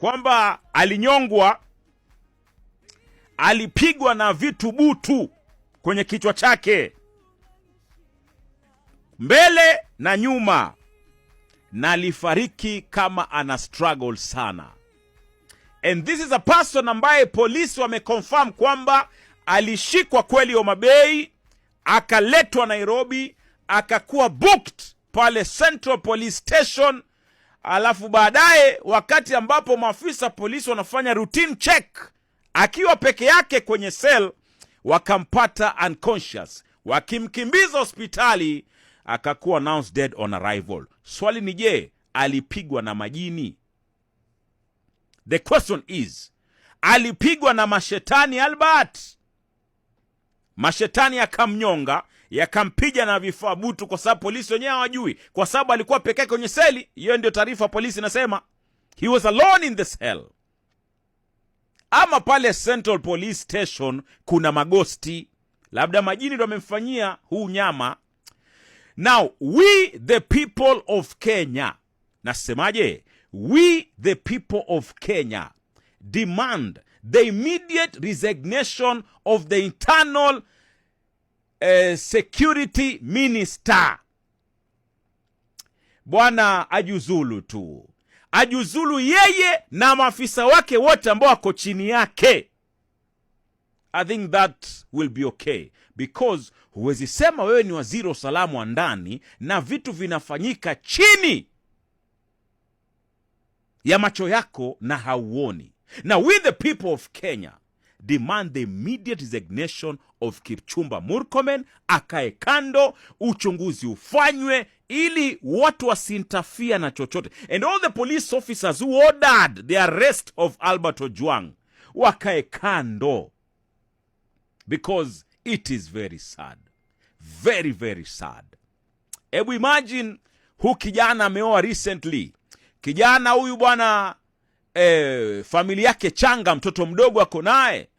kwamba alinyongwa, alipigwa na vitu butu kwenye kichwa chake mbele na nyuma, na alifariki kama ana struggle sana. And this is a person ambaye polisi wameconfirm kwamba alishikwa kweli Homa mabei akaletwa Nairobi, akakuwa booked pale Central Police Station alafu baadaye, wakati ambapo maafisa polisi wanafanya routine check akiwa peke yake kwenye sel, wakampata unconscious, wakimkimbiza hospitali, akakuwa announced dead on arrival. Swali ni je, alipigwa na majini? The question is, alipigwa na mashetani Albert? mashetani yakamnyonga, yakampija na vifaa butu, kwa sababu polisi wenyewe hawajui, kwa sababu alikuwa peke kwenye seli. Hiyo ndio taarifa polisi inasema, he was alone in the cell. Ama pale Central Police Station kuna magosti, labda majini ndo amemfanyia huu nyama. Now we the people of Kenya, nasemaje? We the people of Kenya demand the immediate resignation of the internal uh, security minister. Bwana ajuzulu tu, ajuzulu yeye na maafisa wake wote ambao wako chini yake. I think that will be okay because huwezi sema wewe ni waziri wa usalama wa ndani na vitu vinafanyika chini ya macho yako na hauoni. Now, we the people of Kenya demand the immediate resignation of Kipchumba Murkomen, akae kando, uchunguzi ufanywe ili watu wasintafia na chochote, and all the police officers who ordered the arrest of Albert Ojwang wakae kando, because it is very sad, very very sad. Hebu imagine, hu kijana ameoa recently, kijana huyu bwana e, eh, familia yake changa, mtoto mdogo ako naye,